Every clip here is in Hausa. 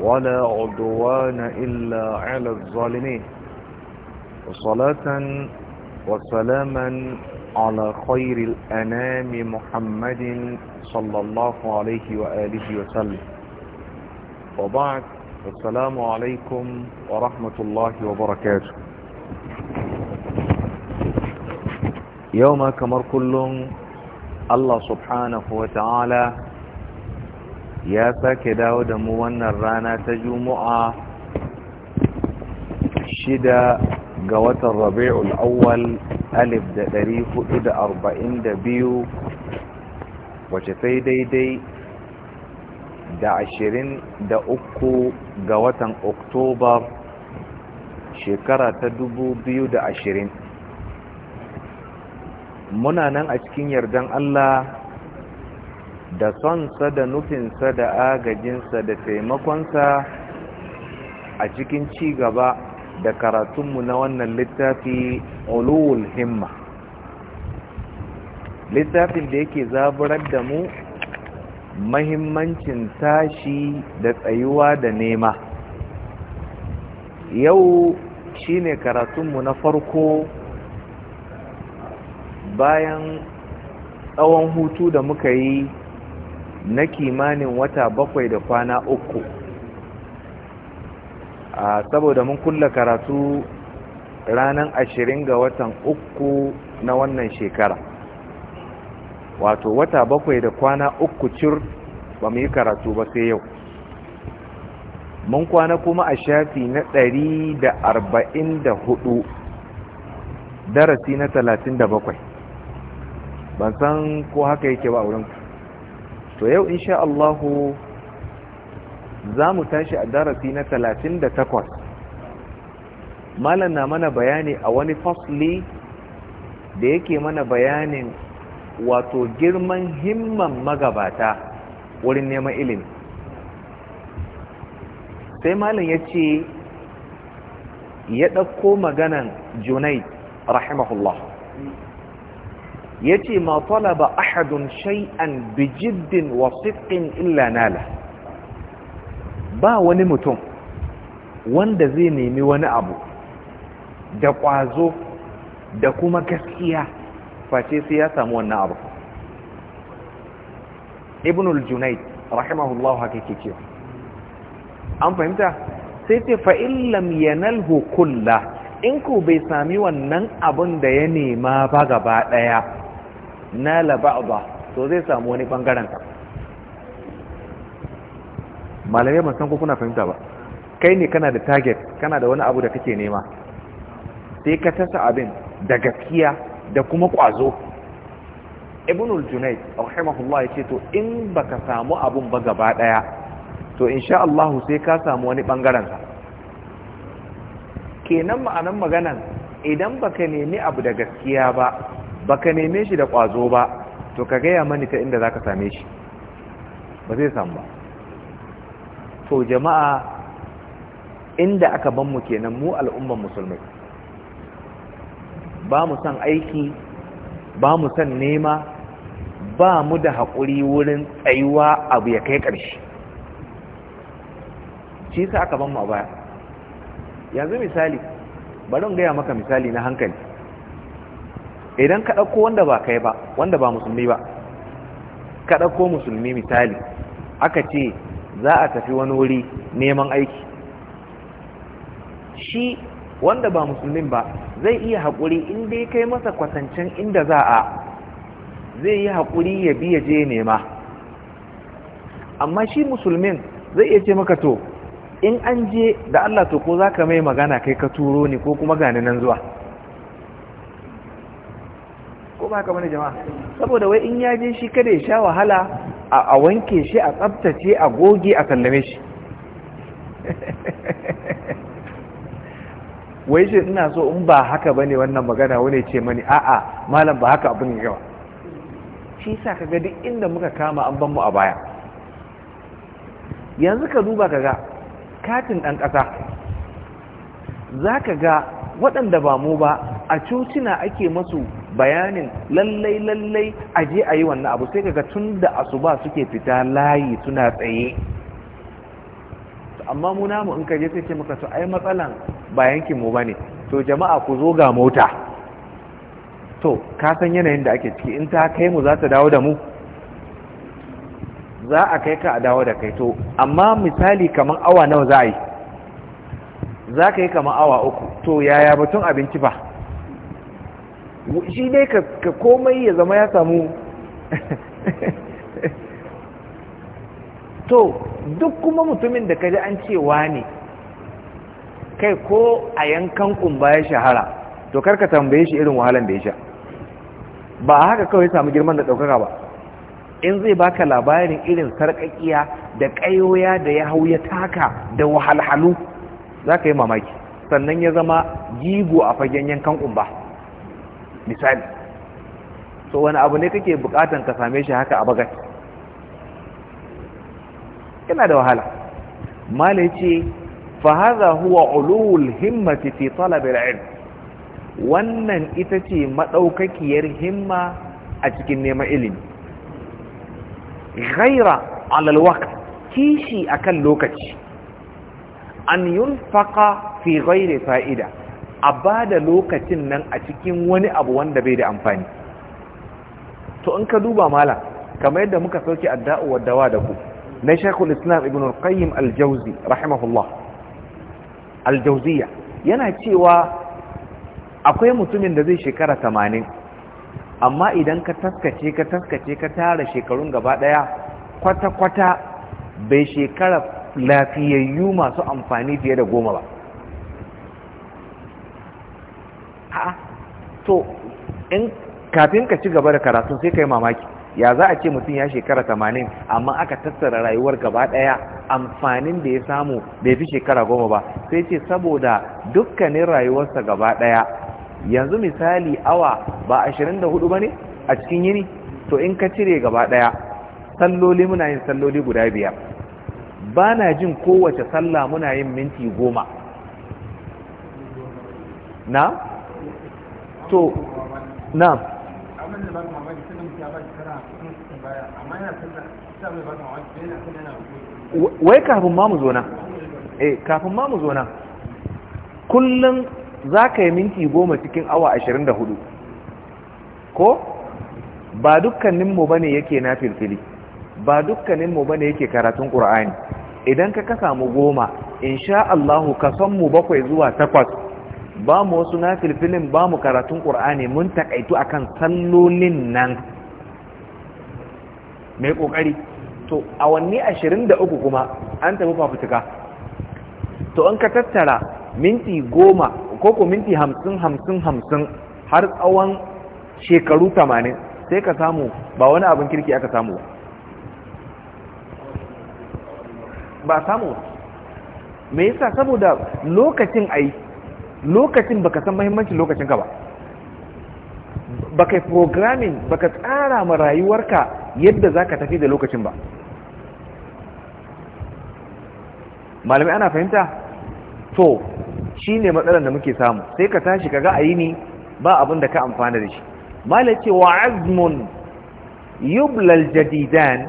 ولا عدوان إلا على الظالمين وصلاة وسلاما على خير الأنام محمد صلى الله عليه وآله وسلم وبعد السلام عليكم ورحمة الله وبركاته يوم كمر كل الله سبحانه وتعالى ya sake dawo da mu wannan rana ta juma'a shida ga watan rabi'ul awwal alif da ɗari hudu da arba'in da biyu wace sai daidai da ashirin da uku ga watan oktoba shekara ta dubu biyu da ashirin muna nan a cikin yardan allah da sonsa da nufinsa da agajinsa da taimakonsa a cikin ci gaba da karatunmu na wannan littafi ulul himma littafin da yake zaburar da mu mahimmancin tashi da tsayuwa da nema yau shine karatunmu na farko bayan tsawon hutu da muka yi na kimanin wata bakwai da kwana uku a saboda mun kulla karatu ranar ashirin ga watan uku na wannan shekara wato wata bakwai da kwana uku cir ba mu yi karatu ba sai yau mun kwana kuma a shafi na ɗari da arba'in da hudu darasi na talatin da bakwai ban san ko haka yake ba a wurin to yau sha Allahu za mu tashi a darasi na 38 malam na mana bayani a wani fasli da yake mana bayanin wato girman himman magabata wurin neman ilimi sai malam ya ce ya ɗauko maganan junai rahimahullah yace ma talaba ahadun shay'an bi jiddin wa illa nala ba wani mutum wanda zai nemi wani abu da ƙwazo da kuma gaskiya face sai ya samu wannan abu ibn al rahimahullahu haka yake cewa an fahimta sai ce fa illam yanalhu in ku bai sami wannan abun da ya nema ba gaba ɗaya. nala ba, to zai samu wani bangaren malamai ban san ko kuna fahimta ba kai ne kana da target kana da wani abu da kake nema sai ka tasa abin da gaskiya da kuma kwazo ibnul junayd rahimahullah yace to in baka samu abun ba gaba daya to insha Allah sai ka samu wani bangaren ka kenan ma'anan maganan idan baka nemi abu da gaskiya ba baka neme shi da kwazo ba to ka gaya mani ta inda za ka same shi ba zai samu ba to jama'a inda aka ban mu kenan mu al'umman musulmai ba mu san aiki ba mu san nema ba mu da haƙuri wurin tsayuwa abu ya kai ƙarshe shi sa aka ban mu a baya yanzu misali barin gaya maka misali na hankali idan ka ɗauko wanda ba kai ba wanda ba musulmi ba ka ɗauko musulmi misali aka ce za a tafi wani wuri neman aiki shi wanda ba musulmi ba zai iya haƙuri inda ya kai masa kwatancen inda za a zai yi haƙuri ya biya je nema amma shi musulmin zai iya ce maka to in an je da Allah to ko za ka mai magana kai ka turo ni ko kuma gani nan zuwa ko ba haka bane jama'a saboda wai in ya je shi kada ya sha wahala a wanke shi a tsabtace a goge a sallame shi wai shi ina so in ba haka bane wannan magana wani ce mani a'a malam ba haka abin yawa shi sa ka ga duk inda muka kama an ban mu a baya yanzu ka duba ka ga katin ɗan ƙasa za ka ga waɗanda ba mu ba a cocina ake masu bayanin lallai lallai a je a yi wannan abu sai kaga tun da asuba suke fita layi suna tsaye amma mu namu in kaje sai ce maka su ai matsalan ba ki mu bane to jama'a ku zo ga mota to ka san yanayin da ake ciki in ta kai mu za ta dawo da mu za a kai ka a dawo da kai to amma misali kaman awa nawa za a yi za ka yi kaman awa uku to yaya batun abinci ba shi dai ka komai ya zama ya samu to duk kuma mutumin da kaji an cewa ne kai ko a yankan kumba ya shahara to karka tambaye shi irin wahalan da ya sha ba haka kawai samu girman da ɗaukaka ba in zai baka labarin irin sarƙaƙiya da ƙayoya da ya hau ya taka da wahalhalu za ka yi mamaki sannan ya zama jigo a fagen yankan kumba misali so wani abu ne kake bukatan ka same shi haka a bagat yana da wahala mala ce fa hadha huwa ulul himmati fi talab al-ilm wannan ita ce madaukakiyar himma a cikin neman ilimi ghaira ala al-waqt kishi akan lokaci an yunfaqa fi ghairi fa'ida a ba da lokacin nan a cikin wani abu wanda bai da amfani to in ka duba mala kamar yadda muka sauke adda'u wa dawa da ku na shakul islam ibn al-qayyim al-jawzi rahimahullah al-jawziya yana cewa akwai mutumin da zai shekara tamanin, amma idan ka taskace ka taskace ka tara shekarun gaba ɗaya, kwata-kwata bai shekara lafiyayyu masu amfani fiye da goma ba a to in kafin ka ci gaba da karatu sai kai mamaki ya za a ce mutum ya shekara tamanin, amma aka tattara rayuwar gaba daya amfanin da ya samu bai fi shekara goma ba sai ce saboda dukkanin rayuwarsa gaba daya yanzu misali awa ba ashirin da hudu ba ne a cikin yini to in ka cire gaba daya salloli muna yin salloli guda biyar ba na jin kowace sallah muna yin minti goma na to na wai kafin mamu zo nan eh kafin mamu zo na kullum za ka yi minti goma cikin awa ashirin da hudu ko ba dukkaninmu ba ne yake na filfili ba dukkaninmu ba ne yake karatun ƙura'ani idan ka ka samu goma in sha Allahu ka san mu bakwai zuwa takwas ba mu wasu na filfilin ba mu karatun ƙur'ani mun takaitu akan sallolin nan mai ƙoƙari to awanni ashirin da uku kuma an tafi fafutuka to an ka tattara minti goma ko minti hamsin hamsin hamsin har tsawon shekaru tamanin sai ka samu ba wani abin kirki aka samu ba samu me yasa saboda lokacin aiki. lokacin baka san mahimmancin lokacin ka ba baka programming baka tsara ma rayuwarka yadda zaka tafi da lokacin ba malami ana fahimta to shine matsalar da muke samu sai ka tashi kaga ni ba abin da ka amfana da shi malai ce wa azmun yublal jadidan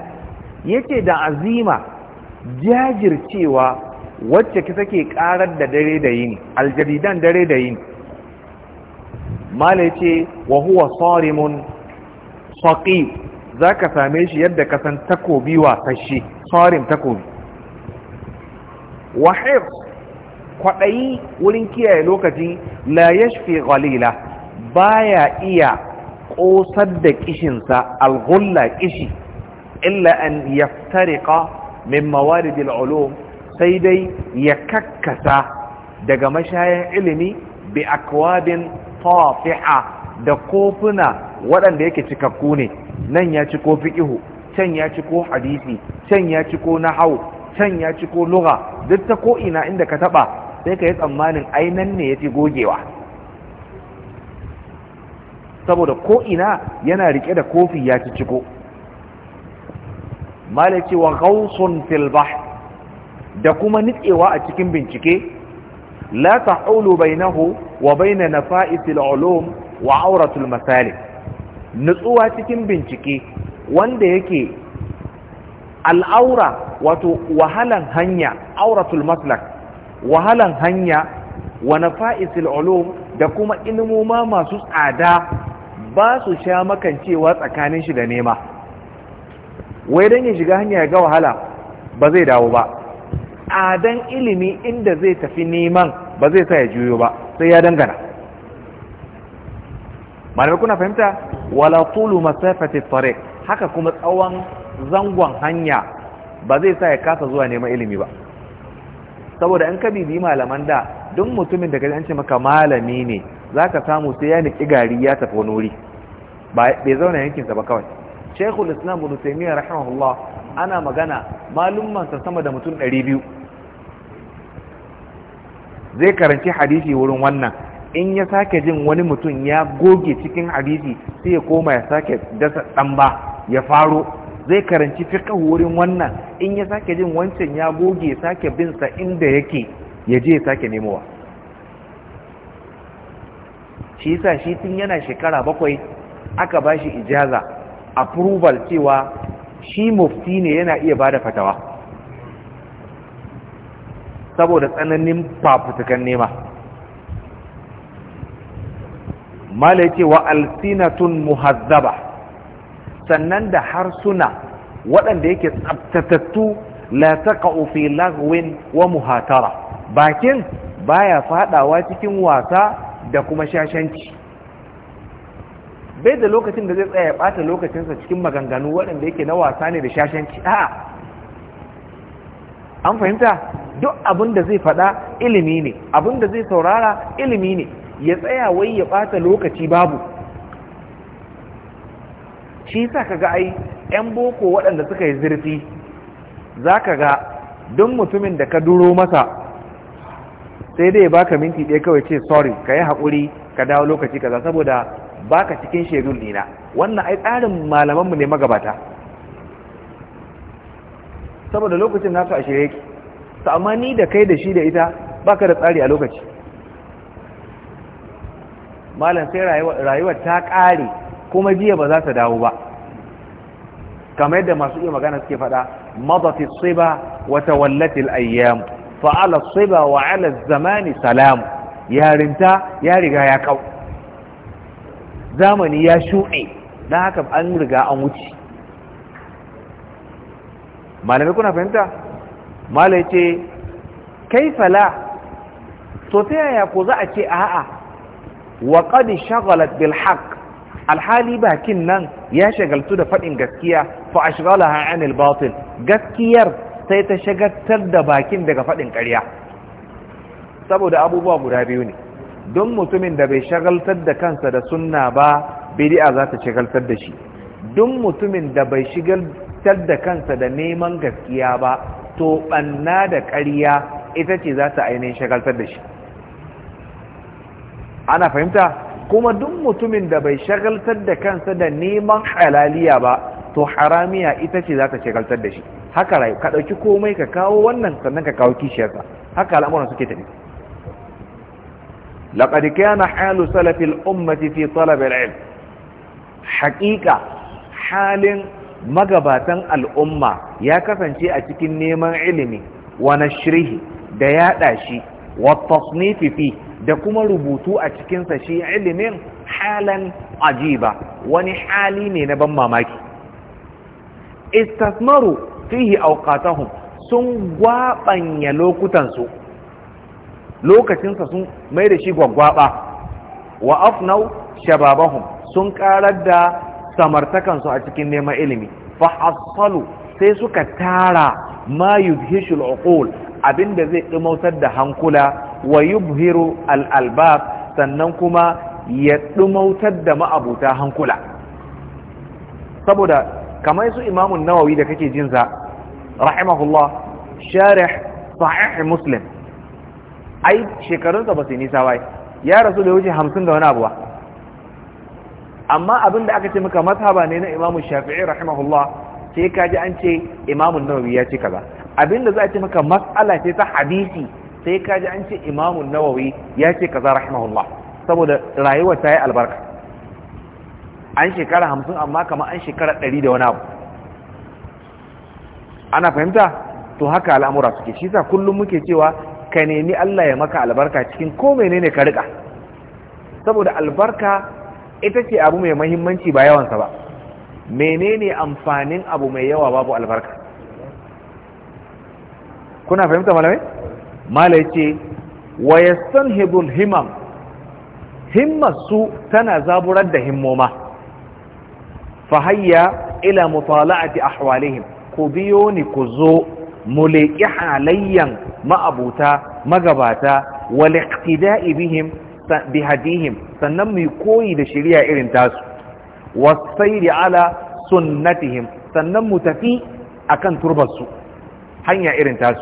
yake da azima jajircewa wacce kisa ke karar da dare da yini aljadidan dare da yini mala ce wa huwa sarimun saqi zaka same shi yadda ka san takobi wasashe sarim takobi wa kwaɗayi wurin kiyaye lokaci la yashfi ghalila baya iya ƙosar da kishinsa algulla kishi illa an yaftariqa min mawaridil ulum sai dai ya kakkasa daga mashayan ilimi bi akwabin tafi'a da kofuna waɗanda yake cikakku ne nan ya ci ko fiqihu can ya ci ko hadisi can ya ci ko nahau can ya ci ko lura duk ta ko'ina inda ka taɓa, sai ka yi tsammanin ainan ne ya fi gogewa saboda ko'ina yana rike da kofi ya ci ciko malaci wa gausun filbah da kuma nitsewa a cikin bincike la ta'ulu bainahu wa baina nafa'isil ulum wa auratul masalik nutsuwa cikin bincike wanda yake al'aura wato wahalan hanya auratul maslak wahalan hanya wa nafa'isil ulum da kuma ilmuma masu tsada ba su sha makancewa tsakanin shi da nema wai dan ya shiga hanya ya ga wahala ba zai dawo ba tsadan ilimi inda zai tafi neman ba zai sa ya juyo ba sai ya dangana malamai kuna fahimta wala tulu masafati tariq haka kuma tsawon zangon hanya ba zai sa ya kasa zuwa neman ilimi ba saboda in ka bibi malaman da duk mutumin da an ce maka malami ne za ka samu sai ya niki gari ya tafi wani wuri bai zauna yankinsa ba kawai shekul islam bin rahimahullah ana magana malummansa sama da mutum ɗari biyu. zai karanci hadisi wurin wannan in ya sake jin wani mutum ya goge cikin hadisi sai ya koma ya sake dasa ɗamba ya faro zai karanci fiƙa wurin wannan in ya sake jin wancan ya goge sake binsa inda yake ya je ya sake nemowa shi sa shi tun yana shekara bakwai aka ba shi ijaza approval cewa shi mufti ne yana iya bada fatawa saboda tsananin fafutukan nema mala ce wa alsinatun muhazzaba sannan da harsuna waɗanda yake tsabtatattu la taqa'u fi lagwin wa muhatara bakin baya fadawa cikin wasa da kuma shashanci bai da lokacin da zai tsaya ya bata lokacinsa cikin maganganu waɗanda yake na wasa ne da shashanci a'a an fahimta duk abin da zai faɗa ilimi ne abin da zai saurara ilimi ne ya tsaya wai ya ɓata lokaci babu shi sa ka ga ai 'yan boko waɗanda suka yi zurfi za ka ga don mutumin da ka duro masa sai dai ba ka minti ɗaya kawai ce sorry ka yi haƙuri ka dawo lokaci kaza saboda ba ka cikin shedul dina wannan ai tsarin malamanmu ne magabata saboda lokacin naka a shirya yake to amma ni da kai da shi da ita baka da tsari a lokaci malam sai rayuwar ta ƙare kuma jiya ba za ta dawo ba kamar yadda masu iya magana suke faɗa madati siba wata tawallati al-ayyam fa wa ala zamani salam yarinta ya riga ya kau zamani ya shuɗe don haka an riga an wuce malami kuna fahimta malai ce kai fala to ta yaya ko za a ce a'a wa qad shaghalat bil haqq alhali bakin nan ya shagaltu da faɗin gaskiya fa ashghalaha anil batil gaskiyar sai ta shagaltar da bakin daga faɗin ƙarya saboda abubuwa guda biyu ne don mutumin da bai shagaltar da kansa da sunna ba bid'a za ta shagaltar da shi don mutumin da bai shigar fitar da kansa da neman gaskiya ba to banna da ƙarya ita ce za ta ainihin shagaltar da shi ana fahimta kuma duk mutumin da bai shagaltar da kansa da neman halaliya ba to haramiya ita ce za ta shagaltar da shi haka rayu ka ɗauki komai ka kawo wannan sannan ka kawo kishiyarsa haka al'amuran suke tafi laqad kana halu salafil ummati fi talab ilm haqiqa halin magabatan al'umma ya kasance a cikin neman ilimi wa shirhi, da yaɗa shi wa tasnifi da kuma rubutu a cikinsa shi ilimin halan ajiba wani hali ne na ban mamaki istasmaru fihi auqatahum sun gwabanya lokutansu lokacinsa sun mai da shi gwaggwaba wa afnau shababahum sun ƙarar da samartakansu a cikin neman ilimi fa hasalu sai suka tara ma yubhishul uqul abinda zai dumautar da hankula wa yubhiru al albab sannan kuma ya dumautar da ma'abuta hankula saboda kamar su imamun nawawi da kake jinsa rahimahullah sharih sahih muslim ai shekarunsa ba su nisa bai ya rasu da wuce hamsin da wani abu amma abin da aka ce maka mazhaba ne na imamu shafi'i rahimahullah sai ka ji an ce imamu nawawi ya ce kaza abin da za a ce maka mas'ala ce ta hadisi sai ka ji an ce imamu nawawi ya ce kaza rahimahullah saboda rayuwar ta yi albarka an shekara hamsin amma kama an shekara ɗari da wani abu ana fahimta to haka al'amura suke shi sa kullum muke cewa ka nemi Allah ya maka albarka cikin ko menene ka riƙa saboda albarka ita ce abu mai mahimmanci ba yawansa ba menene amfanin abu mai yawa babu albarka kuna fahimta malamai malai ce wa yastanhibul himam su tana zaburar da himmoma fa ila mutala'ati ahwalihim ku biyo ni ku zo mu leƙi halayyan ma'abuta magabata wal iqtida'i bihim bi hadihim sannan mu koyi da shari'a irin tasu wasairi ala sunnatihim sannan mu tafi akan turbar hanya irin tasu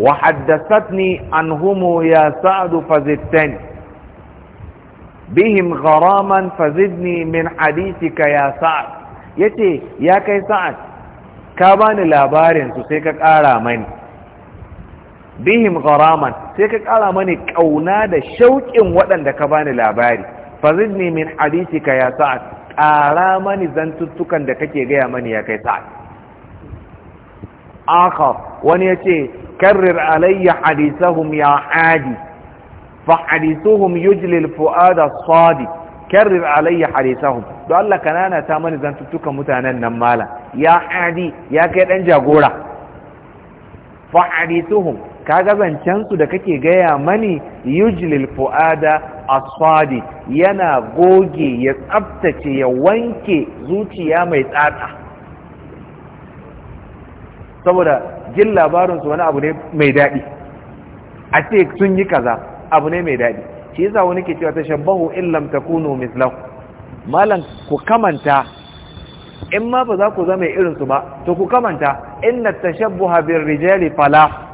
wa haddathatni anhum ya sa'd fazittani bihim gharaman fazidni min hadithika ya sa'd yace ya kai sa'ad ka bani labarin su sai ka ƙara mani bihim gharaman sai ka kara mani kauna da shauƙin waɗanda ka bani labari fazidni min hadisika ya sa'ad ƙara mani zantuttukan da kake gaya mani ya kai sa'ad akhar wani yace karrir alayya hadisahum ya adi fa hadithuhum yujli alfuada sadi karrir alayya hadisahum. don Allah kanana ta mani zantuttukan mutanen nan mala ya adi ya kai dan jagora fa hadisuhum. kaga zancensu da kake gaya mani yujlil fu'ada asadi yana goge ya tsabtace ya wanke zuciya mai tsatsa saboda jin labarinsu wani abu ne mai daɗi a ce sun yi kaza abu ne mai daɗi shi yasa wani ke cewa tashabbahu illam takunu mislah malam ku kamanta in ma ba za ku zama irinsu ba to ku kamanta inna tashabbuha bir rijali falah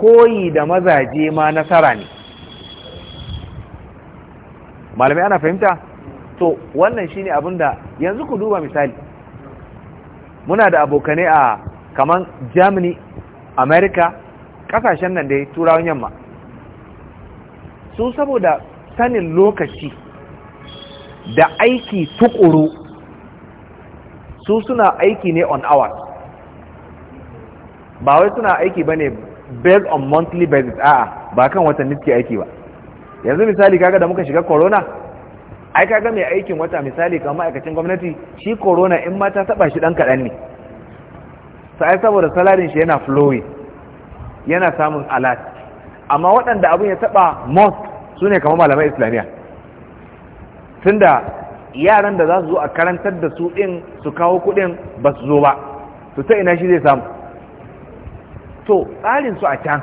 koyi da mazaje ma nasara ne malamai ana fahimta to wannan shine abin da yanzu ku duba misali muna da abokanai a kaman germany america kasashen nan da dai turawan yamma su saboda sanin lokaci da aiki tukuru su suna aiki ne on hours ba wai suna aiki bane based on monthly basis a'a ba kan watanni suke aiki ba yanzu misali kaga da muka shiga corona ai kaga mai aikin wata misali kamar ma'aikacin gwamnati shi corona in ma ta taba shi dan kadan ne sai saboda salarin shi yana flowing yana samun alat amma waɗanda abin ya taba most sune kamar malamai islamiyya tunda yaran da za su zo a karantar da su din su kawo kuɗin ba su zo ba to ta ina shi zai samu to su a can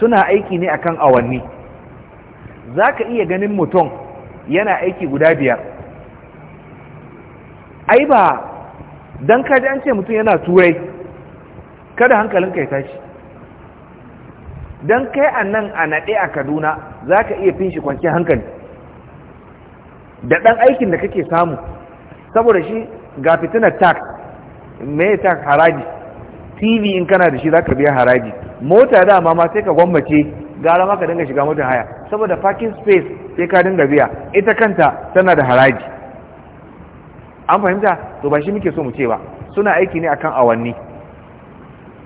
suna aiki ne akan awanni za ka iya ganin mutum yana aiki guda biyar ai ba don kaji an ce mutum yana turai kada hankalin ka ya tashi don kai a nan a naɗe a kaduna za ka iya fin shi hankali da ɗan aikin da kake samu saboda shi ga fitinar tax mai tax haraji tv in kana da shi za ka biya haraji mota dama ma sai ka gwammace gara ma ka dinga shiga mota haya saboda parking space sai ka dinga biya ita kanta tana da haraji an fahimta to ba shi muke so mu ce ba suna aiki ne akan awanni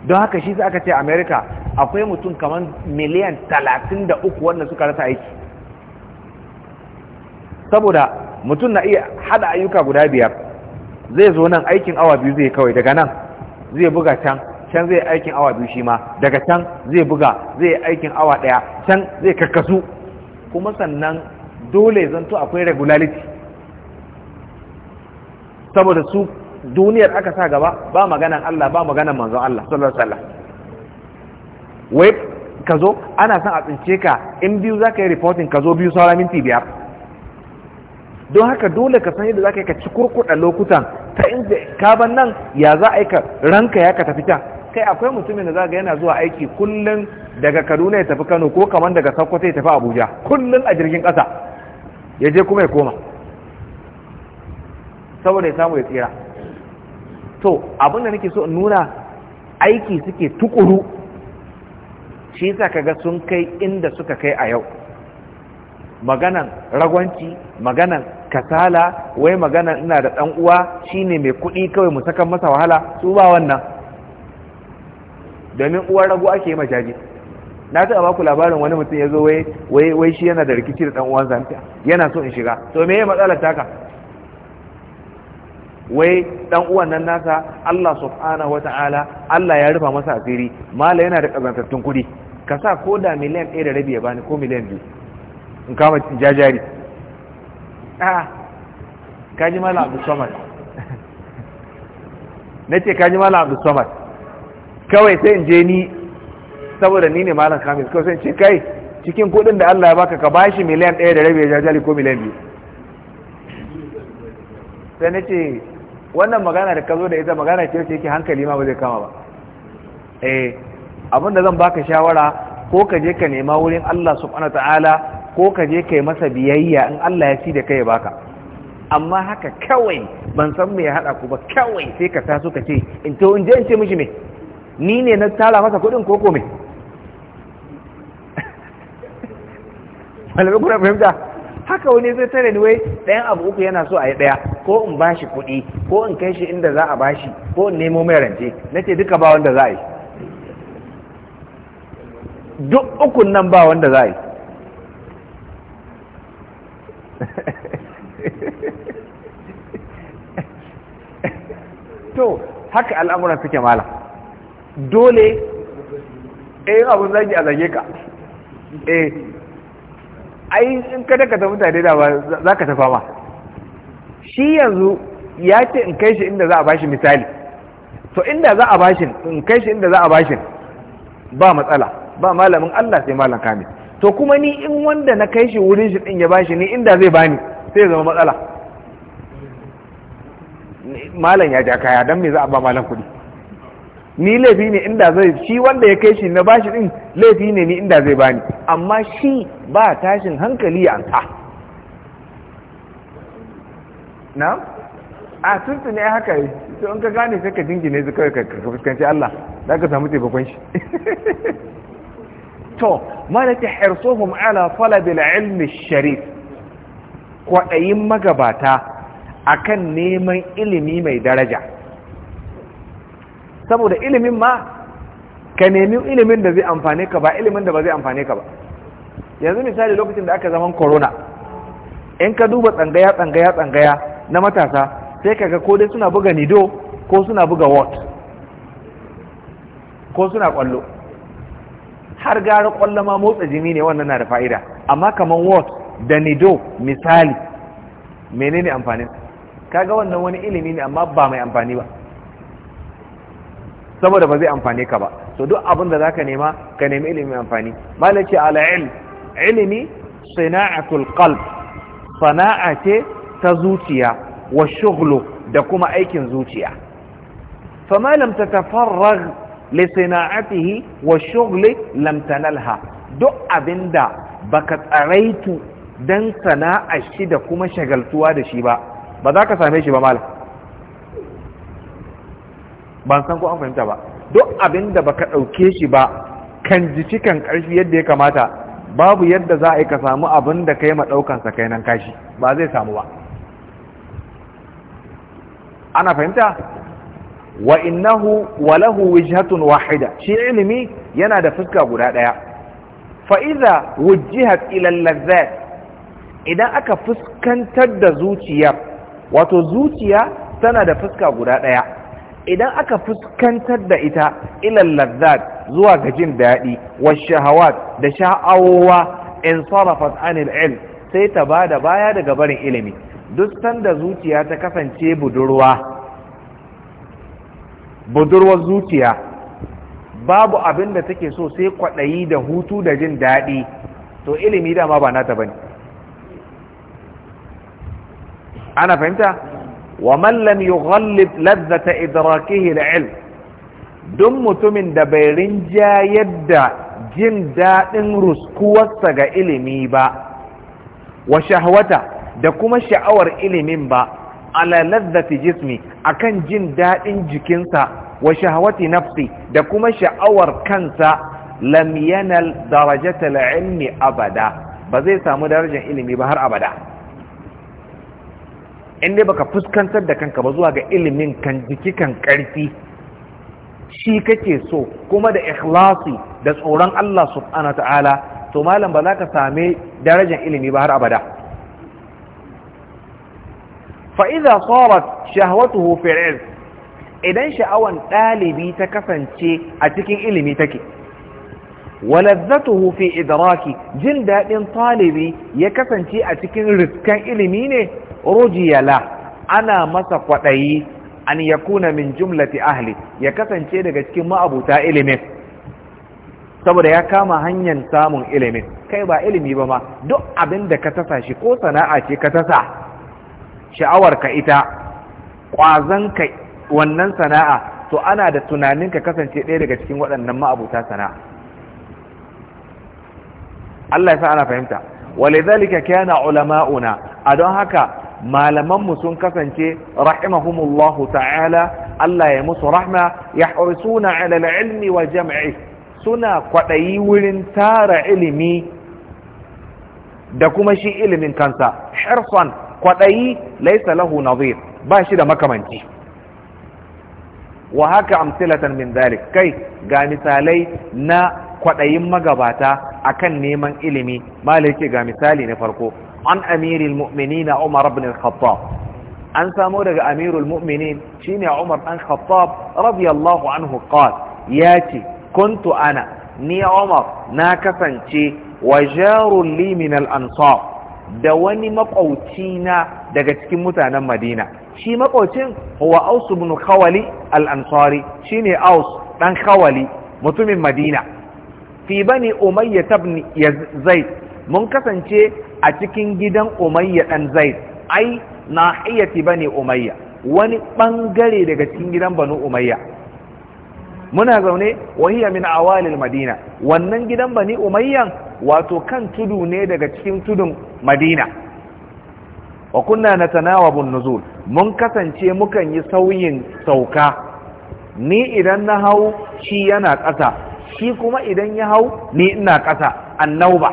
don haka shi za aka ce america akwai mutum kamar miliyan talatin da uku wanda suka rasa aiki saboda mutum na iya hada ayyuka guda biyar zai zo nan aikin awa biyu zai kawai daga nan zai buga can can zai aikin awa biyu shi ma daga can zai buga zai aikin awa ɗaya can zai karkasu kuma sannan dole zanto akwai regularity saboda su duniyar aka sa gaba ba maganan Allah ba maganan manzon Allah sallallahu alaihi wai ka zo ana san a tsince ka in biyu za ka yi reporting ka zo biyu saura minti biyar don haka dole ka san yadda za ka yi ka ci kurkuɗa lokutan ta inda ka ban nan ya za a ka ranka ya ka tafi can kai akwai mutumin da za ga yana zuwa aiki kullum daga kaduna ya tafi kano ko kamar daga sokoto ya tafi abuja kullum a jirgin ƙasa ya je kuma ya koma saboda ya samu ya tsira to abin nake so in nuna aiki suke tukuru shi sa kaga sun kai inda suka kai a yau maganan ragwanci maganan kasala wai magana ina da dan uwa shine mai kuɗi kawai mu saka masa wahala su ba wannan domin uwar rago ake yi majaji na taɓa baku labarin wani mutum ya zo wai wai shi yana da rikici da ɗan uwansa yana so in shiga to me ya matsalar taka wai dan uwan nan nasa Allah subhanahu wata'ala Allah ya rufa masa asiri mala yana da kazantattun kuɗi ka sa ko da miliyan ɗaya da rabi ya bani ko miliyan biyu in kama jajari Ah, kaji mala abu samad na ce kaji mala abu somat kawai sai in je ni saboda ni ne malam kamis kawai sai in ce kai cikin kudin da Allah ya baka ka bashi miliyan ɗaya da rabi ya jajali ko miliyan biyu sai na ce wannan magana da ka zo da ita magana ce yake hankali ma ba zai kama ba eh abinda zan baka shawara ko ka je ka nema wurin Allah subhanahu ta'ala ko ka je kai masa biyayya in Allah ya ci da kai baka amma haka kawai ban san me ya hada ku ba kawai sai ka taso ka ce in to in je in ce mishi me ni ne na tara masa kuɗin ko me malamai kuna fahimta haka wani zai tare ni wai ɗayan abu uku yana so a yi ɗaya ko in ba shi kuɗi ko in kai shi inda za a ba shi ko in nemo mai rance na ce duka ba wanda za a yi duk ukun nan ba wanda za a yi to haka al'amuran suke mala dole eh abun zagi a zage ka eh ai in ka daga ta mutane da ba za ka tafa ma shi yanzu ya ce in kai shi inda za a bashi misali to inda za a bashin in kai shi inda za a bashin ba matsala ba malamin Allah sai malam kamil to kuma ni in wanda na kai shi wurin shi din ya bashi ni inda zai bani sai zama matsala malam ya ja kaya dan me za a ba malam kuɗi ni laifi ne inda zai shi wanda ya kai shi na bashi din laifi ne ni inda zai bani amma shi ba tashin hankali ya anta na a tuntune haka yi to in ka gane sai ka jingine zai kawai ka fuskanci Allah za ka samu taimakon shi to malati hirsuhum ala talabil sharif kwaɗayin magabata akan neman ilimi mai daraja saboda ilimin ma ka nemi ilimin da zai amfane ka ba ilimin da ba zai amfane ka ba yanzu misali lokacin da aka zaman corona in ka duba tsangaya tsangaya tsangaya na matasa sai kaga ko dai suna buga nido ko suna buga wot ko suna kwallo har gara kwallo motsa jini ne wannan na da fa'ida amma kamar what da nido misali menene amfanin kaga wannan wani ilimi ne amma ba mai amfani ba saboda ba zai amfani ka ba so duk abin da ka nema ka nemi ilimi amfani malaci ala ilm ilimi sana'atul qalb sana'a ce ta zuciya wa shughlu da kuma aikin zuciya fa malam tatafarrag lisana'atihi wa shughli lam tanalha duk abinda baka tsaraitu dan sana'a shi da kuma shagaltuwa da shi ba ba za ka same shi ba malam ban san ko an fahimta ba duk abinda baka dauke shi ba kan ji cikan karfi yadda ya kamata babu yadda za a yi ka samu abin da ka yi maɗaukansa kai nan kashi ba zai samu ba ana fahimta wa innahu wa lahu wijhatun wahida shi ilimi yana da fuska guda daya fa idza wujjihat idan aka fuskantar da zuciyar wato zuciya tana da fuska guda ɗaya. idan aka fuskantar da ita ila al zuwa ga jin dadi wa shahawat da sha'awowa in sarafat il, sai ta bada baya daga barin ilimi duk sanda zuciya ta kasance budurwa budurwar zuciya babu abin da take so sai kwaɗayi da hutu da jin daɗi to ilimi dama ba nata bane ana fahimta wa man lam yughallib ladzata idrakihi al dun mutumin da bai rinja yadda jin daɗin ruskuwarsa ga ilimi ba wa shahwata da kuma sha'awar ilimin ba ala ladzati jismi akan jin daɗin jikinsa wa shahawati nafsi da kuma sha'awar kansa lam yanal darajatal ilmi abada ba zai samu darajar ilimi ba har abada in dai baka fuskantar da kanka ba zuwa ga ilimin kan jiki kan karfi shi kake so kuma da ikhlasi da tsoron Allah subhanahu ta'ala to malam ba za ka same darajar ilimi ba har abada fa'iza tsorat shahwatuhu fi'il idan sha'awan ɗalibi ta kasance a cikin ilimi take walazzatuhu fi idraki jin daɗin ɗalibi ya kasance a cikin riskan ilimi ne rujiyala ana masa kwaɗayi an yakuna min jumlati ahli ya kasance daga cikin ma'abuta ilimin saboda ya kama hanyar samun ilimin kai ba ilimi ba ma duk abin da ka tasa shi ko sana'a ce ka tasa sha'awarka ita ƙwazonka wannan sana'a to ana da tunanin ka kasance ɗaya daga cikin waɗannan ma'abuta sana'a Allah ya sa ana fahimta walidhalika kana ulama'una a don haka malamanmu sun kasance rahimahumullahu ta'ala Allah ya musu rahma yahrisuna 'ala al-'ilmi wa jam'i suna kwaɗayi wurin tara ilimi da kuma shi ilimin kansa harfan kwaɗayi laisa lahu nazir ba shi da makamanci wa haka amsilatan min dalik kai ga misalai na kwaɗayin magabata akan neman ilimi malaki ga misali na farko an amiril mu'minin Umar ibn al-Khattab an samo daga amirul mu'minin shine Umar dan Khattab radiyallahu anhu Ya ce kuntu ana ni Umar na kasance wa jarun li min al-ansar da wani makauci na daga cikin mutanen Madina shi makwaucin huwa Aus ibn Khawali al-Ansari shine Aus dan Khawali mutumin Madina fi bani Umayya ibn Zaid mun kasance a cikin gidan Umayya dan Zaid ai nahiyati bani Umayya wani bangare daga cikin gidan Banu Umayya muna zaune wahiya min awalil Madina wannan gidan Bani Umayyan wato kan tudu ne daga cikin tudun madina wa kunna natanawabun nuzul mun kasance mukan yi sauyin sauka ni idan na hau shi yana ƙasa shi kuma idan ya hau ni ina ƙasa annauba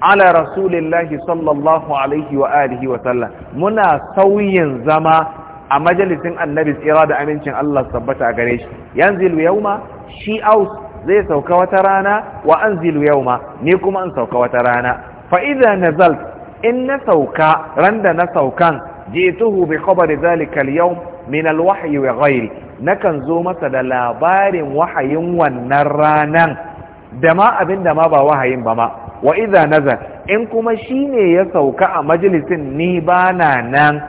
ala rasulillahi sallallahu alaihi wa alihi wa sallam muna sauyin zama a majalisin annabi tsira da amincin Allah sabbata a gare shi yanzu yauma shi aus zai sauka wata rana wa anzilu ma. ni kuma an sauka wata rana fa idza nazalt in na sauka ran da na saukan je bi khabari zalika al-yawm min al-wahyi wa ghayri nakan zo masa da labarin wahayin wannan ranan da ma abin da ma ba wahayin ba ma wa iza nazal in kuma shine ya sauka a majalisin ni bana nan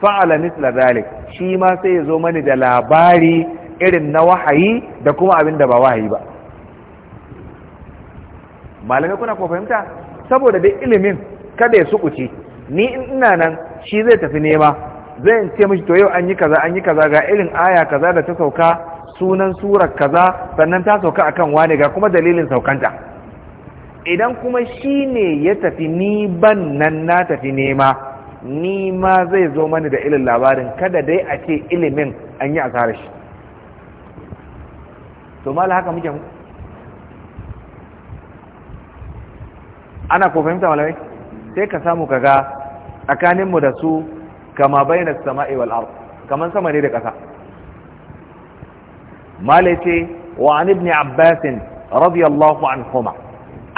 fa'ala misla zalik shi ma sai ya zo mani da labari irin na wahayi da kuma abin da ba wahayi ba malamai kuna ko fahimta saboda dai ilimin kada ya sukuce ni ina nan shi zai tafi nema zai ce mishi to yau an yi kaza an yi kaza ga irin aya kaza da ta sauka sunan surar kaza sannan ta sauka akan wane ga kuma dalilin saukanta idan kuma shi ne ya tafi ni ban nan na tafi nema ni ma zai zo mani da ilin labarin kada dai a ce ilimin an yi asarar shi to mala muke ana ko fahimta malamai sai ka samu kaga tsakaninmu da su kama bayyana sama'i wal ard kaman sama ne da ƙasa malace wa an ibni Abbasin radiyallahu anhuma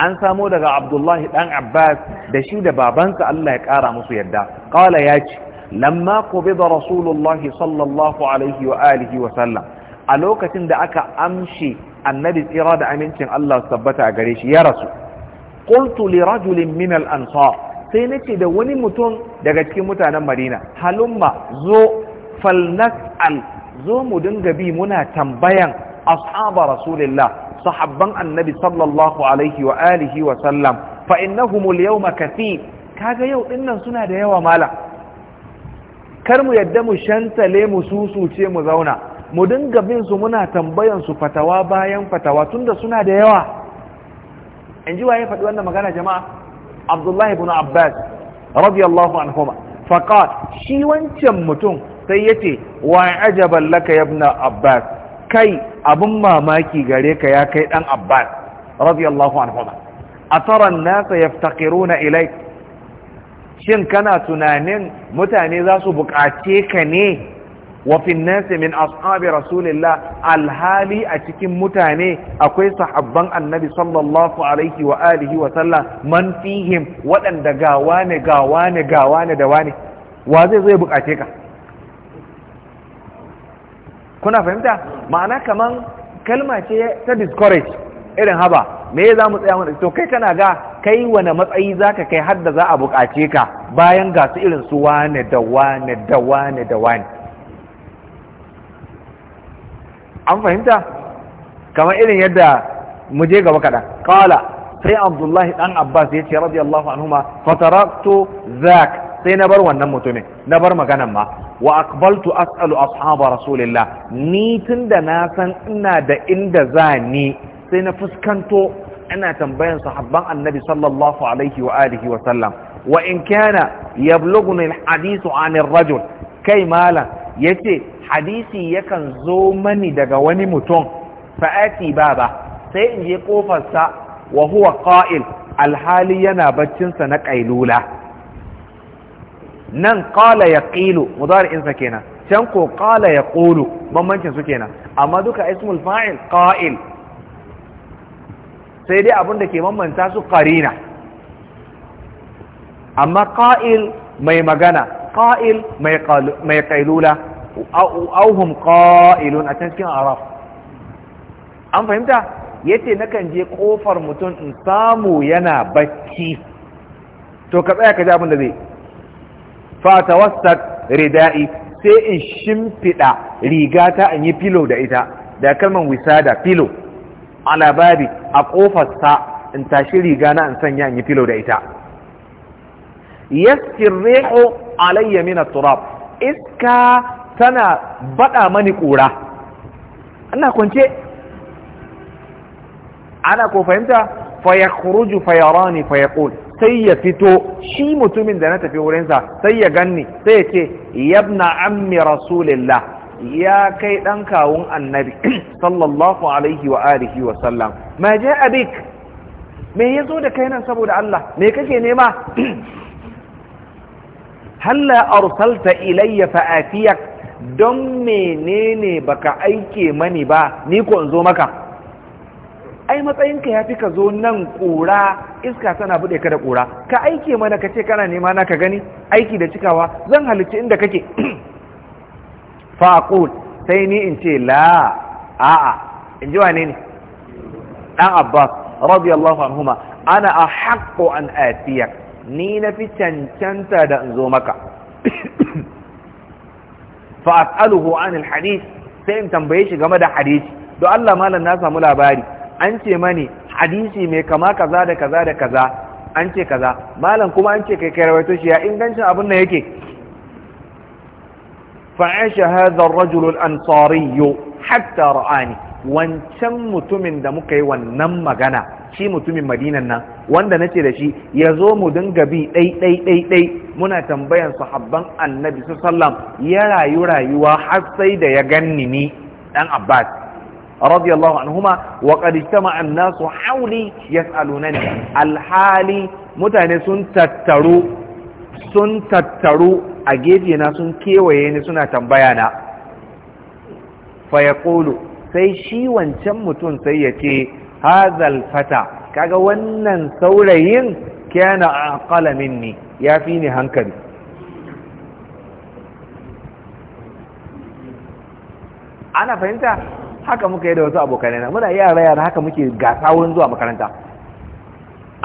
an samo daga abdullahi dan abbas da shi da babansa Allah ya kara musu yadda ya yace lamma qubida rasulullahi sallallahu alaihi wa alihi wa sallam a lokacin da aka amshi annabi tsira da amincin Allah tabbata a gare shi ya rasu qultu li rajulin min al ansar sai nace da wani mutum daga cikin mutanen Madina halumma zo falnas'al zo mu dinga bi muna tambayan ashaba rasulillah sahabban annabi sallallahu alaihi wa alihi wa sallam fa innahum al yawma kathir kaga yau dinnan suna da yawa mala kar mu yadda mu shantale mu susuce mu zauna mu dinga bin su muna tambayan su fatawa bayan fatawa tunda suna da yawa in ji waye faɗi wannan magana jama'a abdullahi ibn abbas radiyallahu anhuma faqat shi wancan mutum sai yace wa ajaban laka yabna abbas kai abin mamaki gare ka ya kai dan abbas radiyallahu anhuma atara an-nas yaftaqiruna ilayk shin kana tunanin mutane za su buƙace ka ne wa fin nasi min ashabi rasulillah alhali a cikin mutane akwai sahabban annabi sallallahu alaihi wa alihi wa sallam man fihim waɗanda gawa ne gawa ne gawa ne da wani wa zai zai bukace ka kuna fahimta ma'ana kaman kalma ce ta discourage irin haba me za mu tsaya mana? to kai kana ga kai wane matsayi za ka kai hadda za a bukace ka bayan ga su irin su wane da wane da wane da wane an fahimta kamar irin yadda mu je gaba kaɗan ƙala sai abdullahi ɗan abbas ya ce radiyallahu anhuma fataraktu zak sai na bar wannan mutumin na bar maganan ma wa akbaltu as'alu ashaba rasulillah ni tunda na san ina da inda za ni sai na fuskanto ina tambayan sahabban annabi sallallahu alaihi wa alihi wa sallam wa in kana yablughuni alhadithu an rajul kai malam yace hadisi yakan zo mani daga wani mutum ba ba sai in je ƙofarsa wa huwa qa'il alhali yana baccinsa na ƙailula nan qala yaqilu insa kenan can ko qala yaqulu bambancin su kenan amma duka ismul fa'il qa'il sai dai abin da ke bambanta su qarina amma qa'il mai magana qa'il mai qailula auhum qa'ilun a can cikin araf an fahimta yace nakan je kofar mutum in samu yana bacci to ka tsaya ka ji abin da zai fa tawassat rida'i sai in shimfida rigata in yi filo da ita da kalman wisada filo ala babi a kofarsa in tashi riga na in sanya in yi filo da ita yaskir rihu alayya min turab iska tana baɗa mani ƙura ana kwance ana ko fahimta fayakuruju fayarani fayakul sai ya fito shi mutumin da na tafi wurinsa sai ya ganni sai ya ce yabna ammi rasulillah ya kai ɗan kawun annabi sallallahu alaihi wa alihi wa sallam ma me ya zo da kai nan saboda Allah me kake nema halla arsalta ilayya fa'atiyak don menene baka aike mani ba ni ko zo maka ai matsayinka ya fi ka zo nan ƙura iska tana buɗe ka da kura ka aike mana ka ce kana nema na ka gani aiki da cikawa zan halicci inda kake faqul sai ni in ce la a'a in ji wane ne Dan abbas radiyallahu anhuma ana a an atiyak ni na fi cancanta da in zo maka fa as'aluhu anil hadith sai in tambaye shi game da hadisi don Allah malam na samu labari an ce mani hadisi mai kama kaza da kaza da kaza an ce kaza malam kuma an ce kai kai rawaito shi ya ingancin abin da yake fa'asha hadha ar-rajul al-ansari hatta ra'ani wancan mutumin da muka yi wannan magana shi mutumin madinan nan wanda nace da shi ya zo mu dinga bi ɗai ɗai ɗai ɗai muna tambayan sahabban annabi su sallam ya rayu rayuwa har sai da ya ganni ni dan abbas radiyallahu anhuma wa qad ijtama'a an-nasu hawli yas'alunani al-hali mutane sun tattaru sun tattaru a gefe na sun kewaye ni suna tambaya na fa yaqulu sai shi wancan mutum sai ya ce hazal fata kaga wannan saurayin kana aqala minni ya fi ni hankali ana fahimta haka muka yi da wasu abokanai na muna yara yara haka muke gasa wurin zuwa makaranta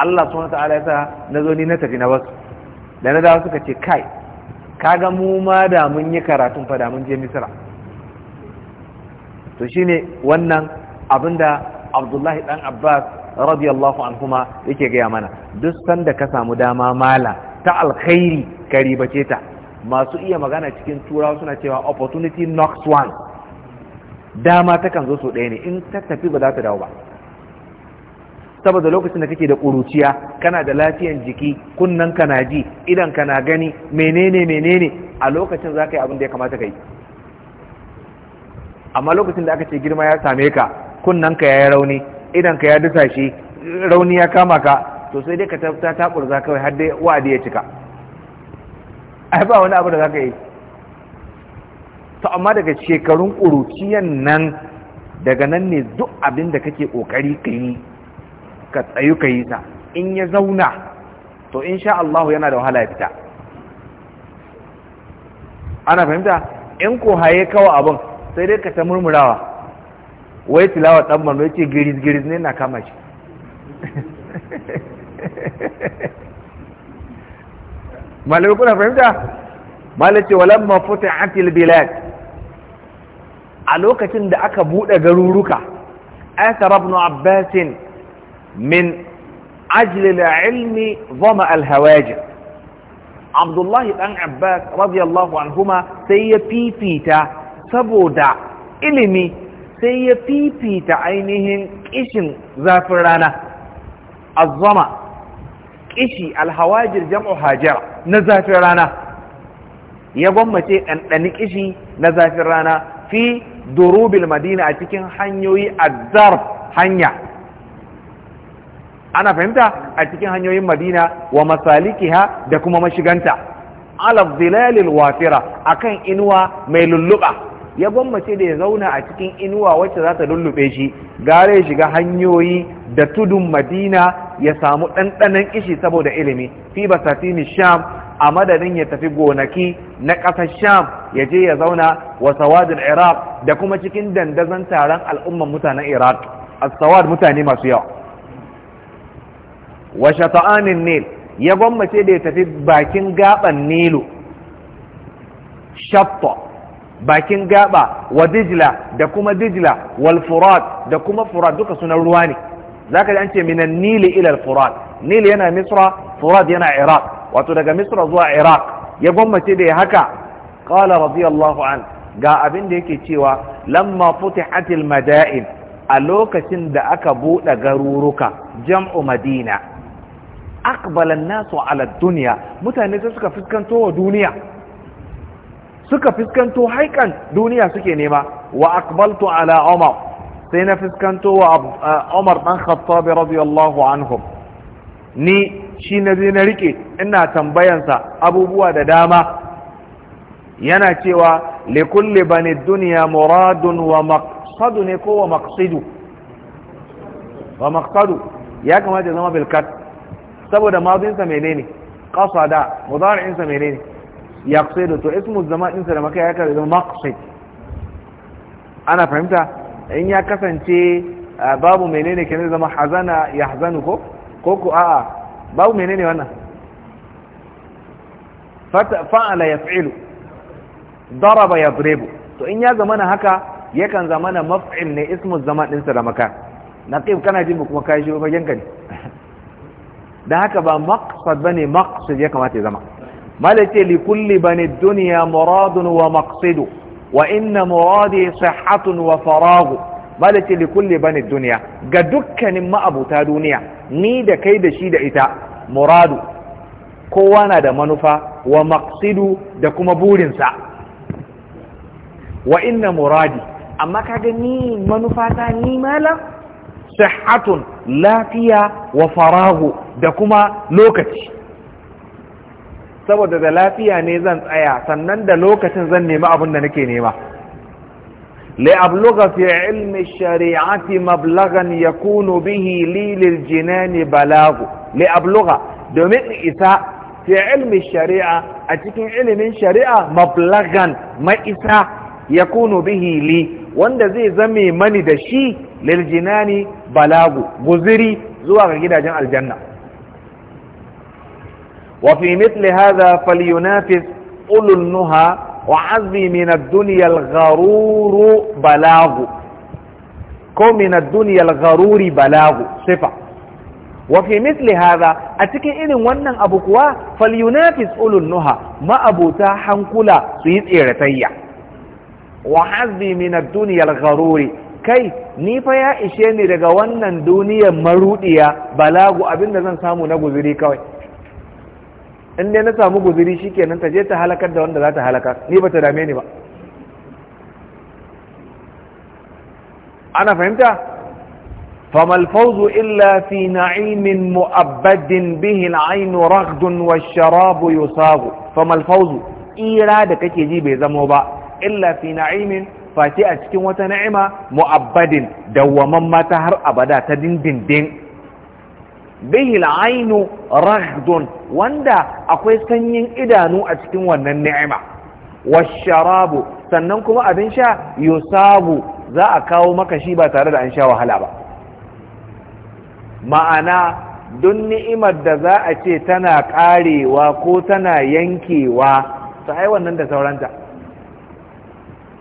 Allah su wata ya sa na zo ni na tafi na wasu da na dawa suka ce kai kaga mu ma da mun yi karatun fa da mun je Misira, to shine wannan abinda abdullahi dan abbas radiyallahu anhuma yake gaya mana duk sanda ka samu dama mala ta alkhairi ka ribace ta masu iya magana cikin turawa suna cewa opportunity knocks one dama takan zo so ɗaya ne in ta tafi ba za ta dawo ba saboda lokacin da kake da ƙuruciya kana da lafiyan jiki kunnan ka na ji idan ka na gani menene menene a lokacin za ka yi abin da ya kamata ka yi amma lokacin da aka ce girma ya same ka kunnanka ya yi rauni ka ya dusa rauni ya kama ka to sai dai ka ta kurza kawai har dai wa'adi ya cika ai ba wani abu da za yi to amma daga shekarun kuruciyan nan daga nan ne duk abin da kake kokari ka yi ka tsayu ka yi sa in ya zauna to in sha yana da wahala ya fita ana fahimta in ko haye kawa abin sai dai ka ta murmurawa wai tilawa dan manzo giris giris ne na kama shi malai kuna fahimta malai ce walamma futihatil bilad a lokacin da aka bude garuruka asar ibn abbas min ajli al-ilmi dhama abdullahi dan abbas radiyallahu anhuma sai ya fifita saboda ilimi sai ya fifita ainihin kishin zafin rana azama kishi alhawajir jam'u hajara na zafin rana ya gwammace ɗanɗani kishi na zafin rana fi durubil madina a cikin hanyoyi zar hanya ana fahimta a cikin hanyoyin madina wa masalikiha da kuma mashiganta alaf zilalil wafira akan inuwa mai lulluɓa ya gwammace da ya zauna a cikin inuwa wacce za ta lullube shi gare ya shiga hanyoyi da tudun madina ya samu ɗanɗanon ishi saboda ilimi fi basatini sham a madadin ya tafi gonaki na ƙasar sham ya je ya zauna wa sawadin iraq da kuma cikin dandazon taron al'umman mutanen iraq a sawad mutane masu yawa wa shata'anin nil ya gwammace da ya tafi bakin gaban nilu shatta bakin gaba wa dijla da kuma dijla wal furat da kuma furat duka sunan ruwa ne zaka ji an ce minan nili ila furat nili yana misra furat yana iraq wato daga misra zuwa iraq ya gwammace da ya haka qala radiyallahu an ga abin da yake cewa lamma futihat al madain a lokacin da aka buɗe garuruka jam'u madina aqbala an-nasu ala ad-dunya mutane suka fuskanto wa duniya suka fuskanto haikan duniya suke nema wa akbaltu ala umar sai na fiskanto wa umar dan khattabi radiyallahu anhu ni shi na je na rike ina tambayansa abubuwa da dama yana cewa li kulli bani dunya muradun wa maqsadu ne ko wa maqsidu wa maqsadu ya kamata ya zama bilkat saboda madinsa menene qasada mudari'insa menene yaqsidu to ismu zama din sa da maka ya zama maqsid ana fahimta in ya kasance babu menene kenan zama hazana yahzanu ko ko ku a'a babu menene wannan fa'ala yaf'ilu daraba yadribu to in ya zamana haka yakan zamana maf'il ne ismu zama din sa da maka naqib kana jin kuma kai shi fagen ka ne dan haka ba maqsad bane maqsad ya kamata ya zama malace li kulli bani duniya muradun wa maqsidu wa inna muradi sihhatun wa faragu malace li kulli bani duniya ga dukkanin ma'abuta duniya ni da kai da shi da ita muradu kowa na da manufa wa maqsidu da kuma burinsa wa inna muradi amma kaga ni manufata ni malam sihhatun lafiya wa faragu da kuma lokaci saboda da lafiya ne zan tsaya sannan da lokacin zan nemi abin da nake nema li ablugha fi ilmi shari'ati mablaghan yakunu bihi li lil jinan balagu li ablugha domin isa fi ilmi shari'a a cikin ilimin shari'a mablaghan ma isa yakunu bihi li wanda zai zame mani da shi lil jinan balagu guziri zuwa ga gidajen aljanna وفي مثل هذا فلينافس أولو النهى وعزمي من الدنيا الغرور بلاغ كو من الدنيا الغرور بلاغ صفة وفي مثل هذا أتكي إن ونن أبوكوا فلينافس أولو النهى ما أبوتا حنكلا سيد إيرتيا وعزمي من الدنيا الغرور kai ni fa ya ishe ni daga wannan duniyar marudiya balagu abinda zan samu na kawai in dai na samu guzuri shikenan ta je ta halakar da wanda za ta halaka ni ba ta dame ni ba ana fahimta famal fawzu illa fi na'imin mu'abbadin bihi al'ayn raghdun wa sharab yusagu famal fawzu ira da kake ji bai zamo ba illa fi na'imin fati a cikin wata na'ima mu'abbadin dawwaman mata har abada ta dindindin bihil ainu raghdun wanda akwai sanyin idanu a cikin wannan ni'ima washarabu sannan kuma abin sha yusabu za a kawo maka shi ba tare da an sha wahala ba ma'ana don ni'imar da za a ce tana karewa ko tana yankewa ta ai wannan da sauranta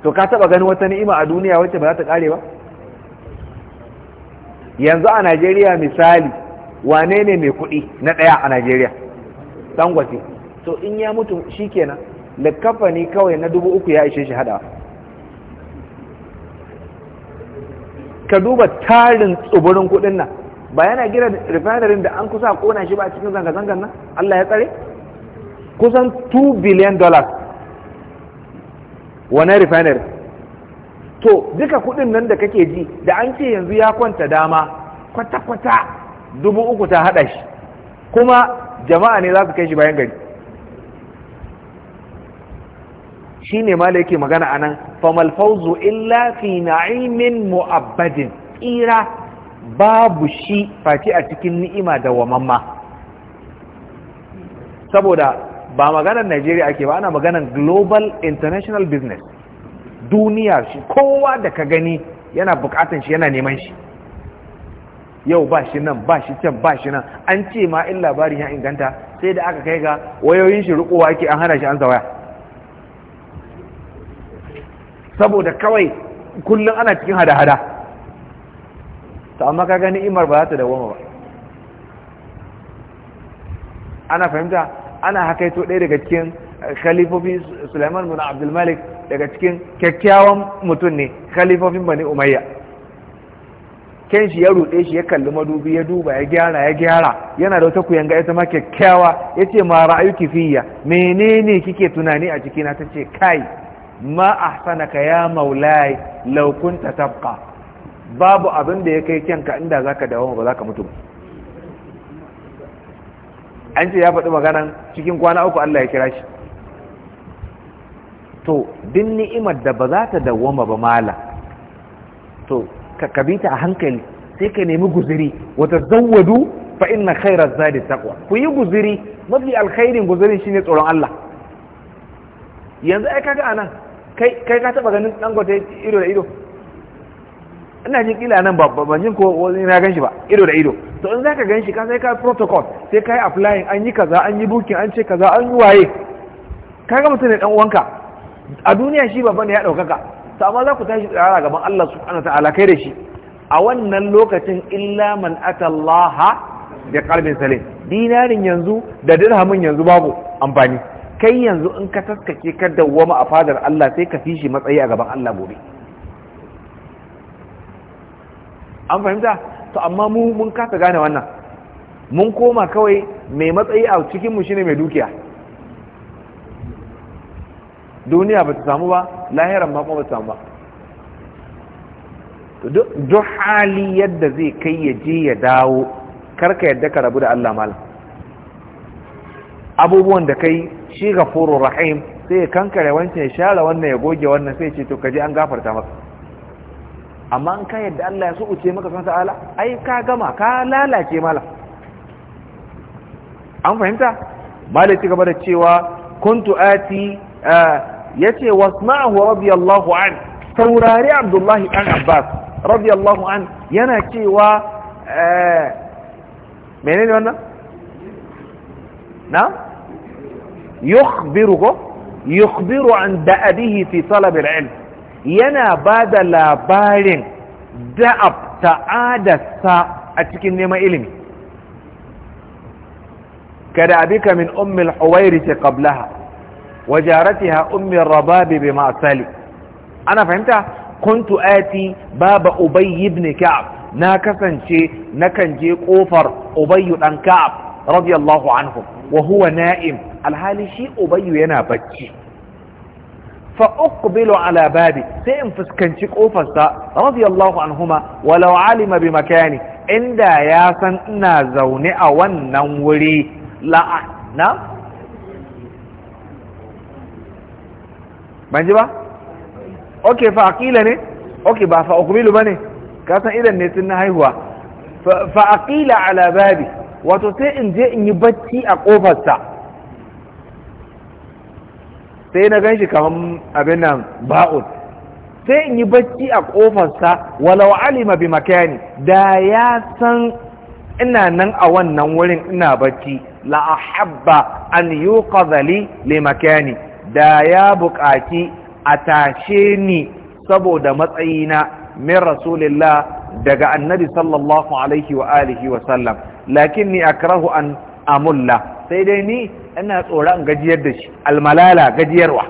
to ka taba gani wata ni'ima a duniya wacce ba za ta kare ba yanzu a Najeriya misali wane ne mai kuɗi na ɗaya a najeriya dangote to in ya mutu shi kenan likafani kawai na dubu uku ya ishe shi hadawa ka duba tarin tsibirin kuɗin nan ba yana gina refinery da an kusa kona shi ba a cikin zanga-zangan nan Allah ya tsare kusan 2 billion dollars wane refinery to duka kuɗin nan da kake ji da an ce yanzu ya kwanta dama kwata-kwata dubu uku ta haɗa shi kuma jama'a ne za su kai shi bayan gari shi ne ma da yake magana a nan famal fauzu illa fi na'imin mu'abbadin tsira babu shi face a cikin ni'ima da wamamma saboda ba maganar Najeriya ake ba ana maganar global international business duniya shi kowa da ka gani yana bukatan shi yana neman shi yau ba shi nan ba shi can ba shi nan an ce ma in labarin ya inganta sai da aka kai ga wayoyin shi rukowa ake an hana shi an waya saboda kawai kullum ana cikin hada-hada ta amma ka gani imar ba za ta dawoma ba ana fahimta ana hakaito ɗaya daga cikin eh, khalifofi sulaiman bin abdulmalik daga cikin kyakkyawan mutum ne khalifofin bani umayya ken shi ya ruɗe shi ya kalli madubi ya duba ya gyara ya gyara yana da wata kuyanga ita ma kyakkyawa ya ce ma ra'ayuki fiya menene kike tunani a cikina ta ce kai ma ahsanaka ya maulai law kunta tabqa babu abin da ya kai kyanka inda zaka dawo ba zaka mutu an ce ya faɗi maganan cikin kwana uku Allah ya kira shi to din ni'imar da ba za ta dawwama ba mala to ka kabita a hankali sai ka nemi guziri wata zawwadu fa inna khaira zadi taqwa ku yi guziri mafi alkhairin guzirin shine tsoron Allah yanzu ai kaga anan kai kai ka taba ganin dangote ido da ido ina jin kila nan ba ban jin ko wani na ganshi ba ido da ido to in zaka ganshi ka sai ka protocol sai kai applying an yi kaza an yi booking an ce kaza an yi waye kaga mutum dan uwanka a duniya shi babban ne ya daukaka to amma za ku tashi tsirara gaban Allah subhanahu ta'ala kai da shi a wannan lokacin illa man atallaha da ƙarfin salim dinarin yanzu da dirhamin yanzu babu amfani kai yanzu in ka taskake ka dawwama a fadar Allah sai ka fi shi matsayi a gaban Allah gobe an fahimta to amma mu mun kasa gane wannan mun koma kawai mai matsayi a cikinmu mu shine mai dukiya duniya ba ta samu ba lahiran ma kuma ba ta samu ba duk hali yadda zai kai ya je ya dawo karka yadda ka rabu da Allah malam abubuwan da kai shi gafurur rahim sai ya kankare wancan ya share wannan ya goge wannan sai ce to kaje an gafarta maka amma an ka yadda Allah ya so uce maka san ta'ala ai ka gama ka lalace malam an fahimta malai ci gaba da cewa kuntu ati eh, yace wasma'ahu radiyallahu an saurari abdullahi dan abbas radiyallahu an yana cewa menene wannan na yukhbiruhu yukhbiru an da'abihi fi talab al-ilm yana bada labarin da'ab ta'adarsa a cikin neman ilimi kada abika min ummul huwairi qablaha Wajarati jaratiha ummi rababi bi ma'sali ana fahimta kuntu ati baba Ubayyibni ibn ka'ab na kasance nakan je ƙofar Ubayyu dan ka'ab radiyallahu anhu wahuwa na'im alhalishi Ubayyu yana bacci fa uqbilu ala babi sai in fuskanci ƙofarsa, kofarsa anhu ma, walau alima bi makani inda ya san ina zaune a wannan wuri la'a na ban ji ba ok fa aqila ne ok ba fa ukmilu bane ka san idan ne tun na haihuwa fa aqila ala babi wato sai in je in yi bacci a ƙofarsa, sai na ganshi kaman abin nan ba'ud sai in yi bacci a ƙofarsa, walau alima bi makani da ya san ina nan a wannan wurin ina bacci la ahabba an yuqadha li li makani da ya buƙaci a tashe ni saboda matsayina min rasulillah daga annabi sallallahu alaihi wa alihi wa sallam lakin ni akrahu an amulla sai dai ni ina tsoron gajiyar da shi almalala gajiyarwa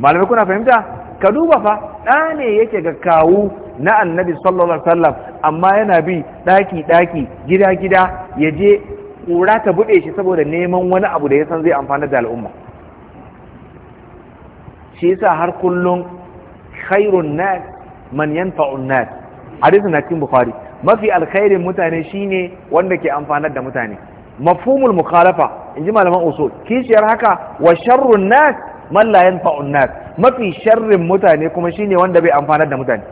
malamai kuna fahimta ka duba fa ɗa ne yake ga kawu na annabi sallallahu alaihi sallam amma yana bi ɗaki ɗaki gida gida ya je Kura ta buɗe shi saboda neman wani abu da ya san zai amfana da al'umma shi yasa har kullum khairun nas man yanfa'un nas hadisin na cikin bukhari mafi alkhairin mutane shine wanda ke amfanar da mutane mafhumul mukhalafa inji malaman usul kishiyar haka wa sharrun nas man la yanfa'un nas mafi sharrin mutane kuma shine wanda bai amfanar da mutane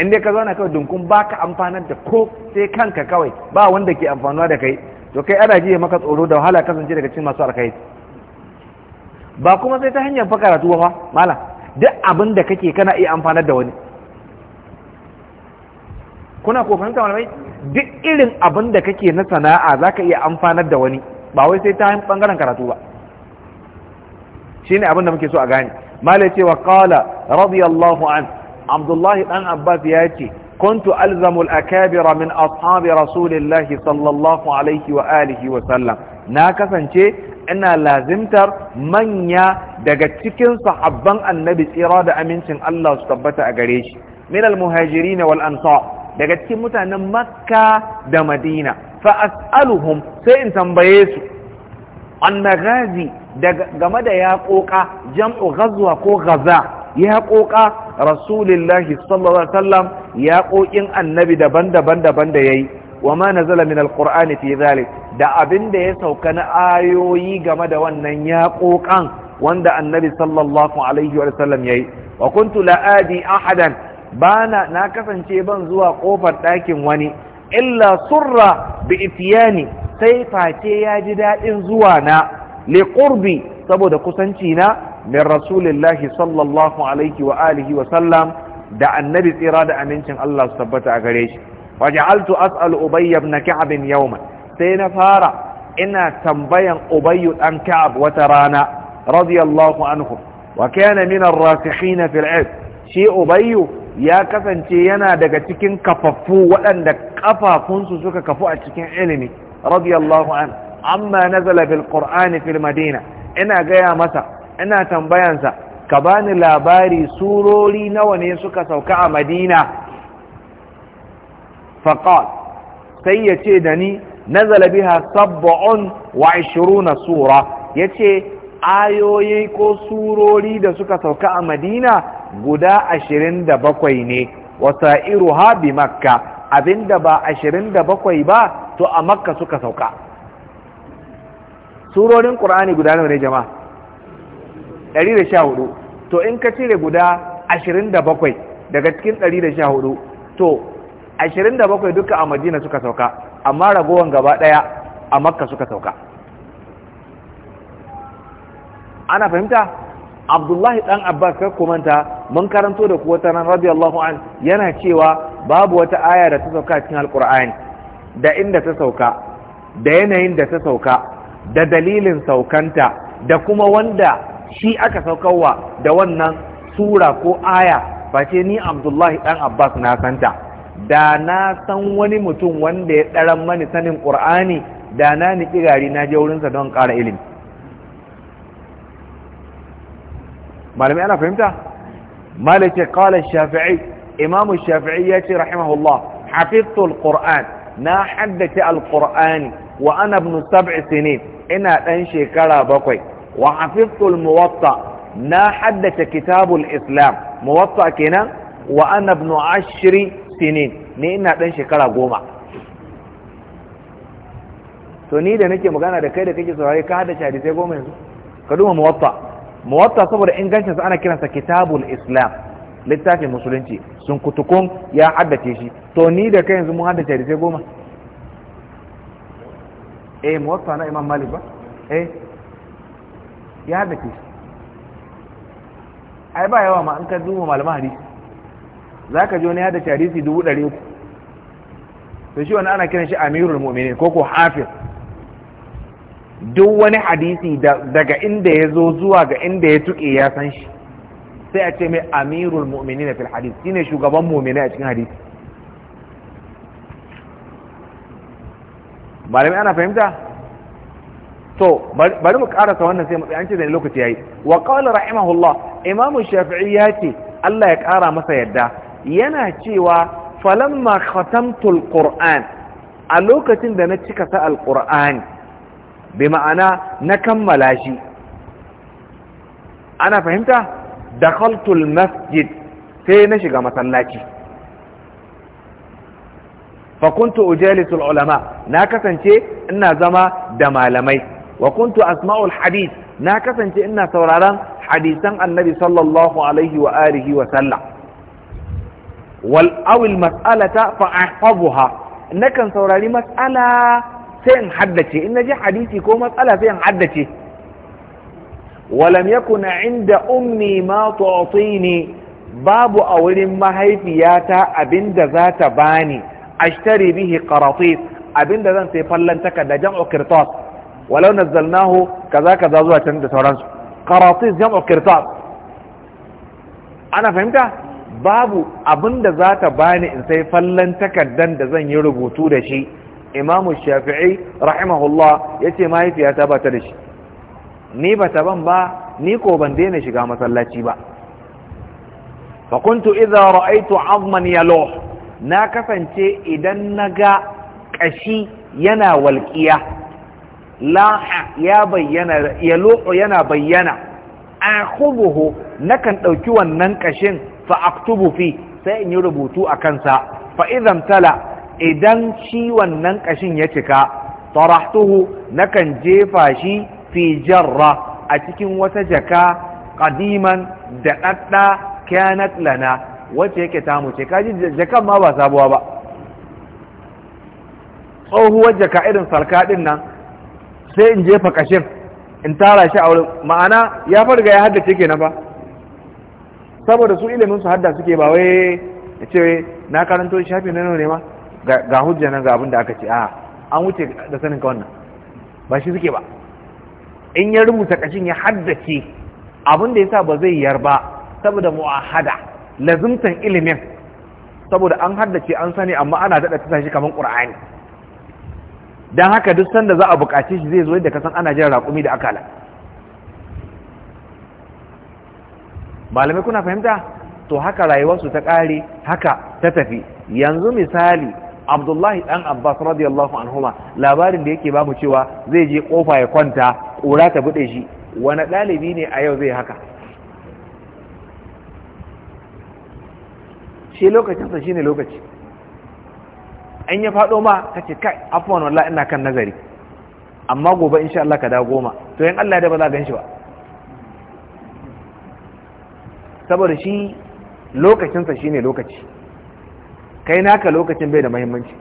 inda ka zauna kawai dunkun ba ka amfanar da ko sai kanka kawai ba wanda ke amfanuwa da kai to kai ana jiye maka tsoro da wahala kasance daga cikin masu alkhairi ba kuma sai ta hanyar tuwa ba mala duk abin da kake kana iya amfanar da wani kuna ko fahimta malamai duk irin abin da kake na sana'a zaka iya amfanar da wani ba wai sai ta hanyar bangaren karatu ba shine abin da muke so a gane mala ce wa qala radiyallahu anhu abdullahi Ɗan abbas ya ce kuntu alzamul akabira min ashabi rasulillahi sallallahu alaihi wa alihi wa sallam na kasance ina lazimtar manya daga cikin sahabban annabi tsira da amincin Allah su tabbata a gare shi Minal almuhajirin wal ansar daga cikin mutanen makka da madina fa as'aluhum sai in tambaye su an magazi game da yaƙoƙa jam'u gazwa ko ghaza yaƙoƙa rasulillahi sallallahu alaihi wasallam ya kokin annabi daban-daban daban da yayi wa ma nazala min alqur'ani fi zalik da abin da ya sauka na ayoyi game da wannan ya kokan wanda annabi sallallahu alaihi wasallam yayi wa kuntu la adi ahadan bana na kasance ban zuwa kofar ɗakin wani illa surra bi itiyani sai face ya ji daɗin zuwa na liqurbi saboda kusanci na min rasulillahi sallallahu alaihi wa alihi wa sallam da annabi tsira da amincin Allah su tabbata a gare shi waja'altu asal ubayy ibn ka'ab yawma sai na fara ina tambayan ubayy ɗan ka'ab wata rana radiyallahu anhu wa kana min ar-rasikhin fil shi ubayy ya kasance yana daga cikin kafafu waɗanda kafafunsu suka kafu a cikin ilimi radiyallahu anhu amma nazala fil qur'ani fil madina ina gaya masa ina tambayansa ka bani labari surori nawa ne suka sauka a madina faqal sai ya ce da ni nazala biha sab'un wa 20 sura yace ayoyi ko surori da suka sauka a madina guda 27 ne ha bi makka abinda ba 27 ba to a makka suka sauka surorin qur'ani guda nawa ne jama'a 114 to in ka cire guda 27 daga cikin 114 to 27 duka a madina suka sauka amma ragowan gaba daya a makka suka sauka ana fahimta abdullahi dan abbas kai kumanta mun karanto da kuwa tanan radiyallahu an yana cewa babu wata aya da ta sauka cikin alkur'ani da inda ta sauka da yanayin da ta sauka da dalilin saukanta da kuma wanda shi aka saukarwa da wannan sura ko aya ba ce ni abdullahi Ɗan abbas na santa da na san wani mutum wanda ya ɗaran mani sanin ƙur'ani da na niƙi gari na je wurinsa don ƙara ilimi malamai ana fahimta malice kala shafi'i imamu shafi'i ya ce rahimahullah hafiztul qur'an na haddace alqur'ani wa ana ibn sab'i sinin ina ɗan shekara bakwai wa hafiztul muwatta na haddace kitabul islam muwatta kenan wa ana ibn ashri sinin ni ina dan shekara goma to ni da nake magana da kai da kake saurare ka haddace hadisai goma yanzu ka duba muwatta muwatta saboda ingancin sa ana kiransa kitabul islam littafin musulunci sun kutukun ya haddace shi to ni da kai yanzu mun haddace hadisai goma eh muwatta na imam malik ba eh ya haddace shi ai ba yawa ma an ka duba malaman hadisi za ka ji wani haddace hadisi dubu ɗari uku to shi wani ana kiran shi amirul mu'minin ko ko hafiz duk wani hadisi daga inda ya zo zuwa ga inda ya tuƙe ya san shi sai a ce mai amirul mu'minin fil hadis shine shugaban mu'minin a cikin hadisi malami ana fahimta to bari mu karasa wannan sai matsayi an ce da lokaci yayi wa qala rahimahullah imamu shafi'i ya ce Allah ya kara masa yadda yana cewa falamma khatamtul qur'an a lokacin da na cika sa alqur'ani bi ma'ana na kammala shi ana fahimta dakhaltul masjid sai na shiga masallaci fa kuntu ujalisul ulama na kasance ina zama da malamai wa kuntu asma'ul hadith na kasance ina sauraron hadisan annabi sallallahu alaihi wa alihi wa sallam wal awil mas'alata fa ahfazuha nakan saurari mas'ala sai in haddace in naji hadisi ko mas'ala sai in haddace ولم يكن عند أمي ما تعطيني باب أول ما هيفياتا أبند ذات باني أشتري به قراطيس أبند ذات فلن تكد جمع قرطاس walau nazzalnahu kaza kaza zuwa can da sauransu qaratis jam'u qirtas ana fahimta babu abinda zata bani in sai fallan takaddan da zan yi rubutu da shi imam shafi'i rahimahullah yace mahaifiyata ba ta da shi ni ba ta ban ba ni ko ban daina shiga masallaci ba fa kuntu idza ra'aytu 'azman yaluh na kasance idan naga kashi yana walƙiya laha ya bayyana ya lo'o yana bayyana akhubuhu nakan ɗauki wannan kashin fa aktubu fi sai in yi rubutu a kansa fa idan tala idan shi wannan kashin ya cika tarahtuhu nakan jefa shi fi jarra a cikin wata jaka qadiman da dadda kanat lana wacce yake tamu ce kaji jakan ma ba sabuwa ba tsohuwar jaka irin sarka din nan sai in jefa kashin in tara shi a wurin ma'ana ya farga ya haddace kenan ba saboda su ilimin su hadda suke ba wai ya ce na karanto shafi na ne ma ga hujja nan ga abin da aka ce a an wuce da sanin ka wannan ba shi suke ba in ya rubuta kashin ya haddace abin da ya sa ba zai yar ba saboda mu'ahada lazimtan ilimin saboda an haddace an sani amma ana daɗa tasa shi kamar ƙur'ani don haka duk sanda za a bukace shi zai zo yadda kasan ana jin raƙumi da akala malamai kuna fahimta to haka rayuwarsu ta ƙare haka ta tafi yanzu misali abdullahi ɗan abbas radiyallahu anhuma labarin da yake babu cewa zai je ƙofa ya kwanta ƙura ta buɗe shi wani ɗalibi ne a yau zai haka shi lokacinsa shine lokaci an yi faɗo ma ka ce kai afuwan wallah ina kan nazari amma gobe insha Allah ka dawo goma to yan Allah da ba za a shi ba saboda shi lokacinsa shine lokaci kai naka lokacin bai da muhimmanci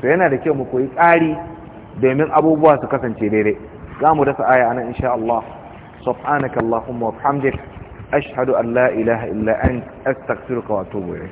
to yana da kyau mu koyi tsari domin abubuwa su kasance daidai za mu dasa aya anan insha Allah subhanaka allahumma wa bihamdika ashhadu an la ilaha illa anta astaghfiruka wa atubu ilayk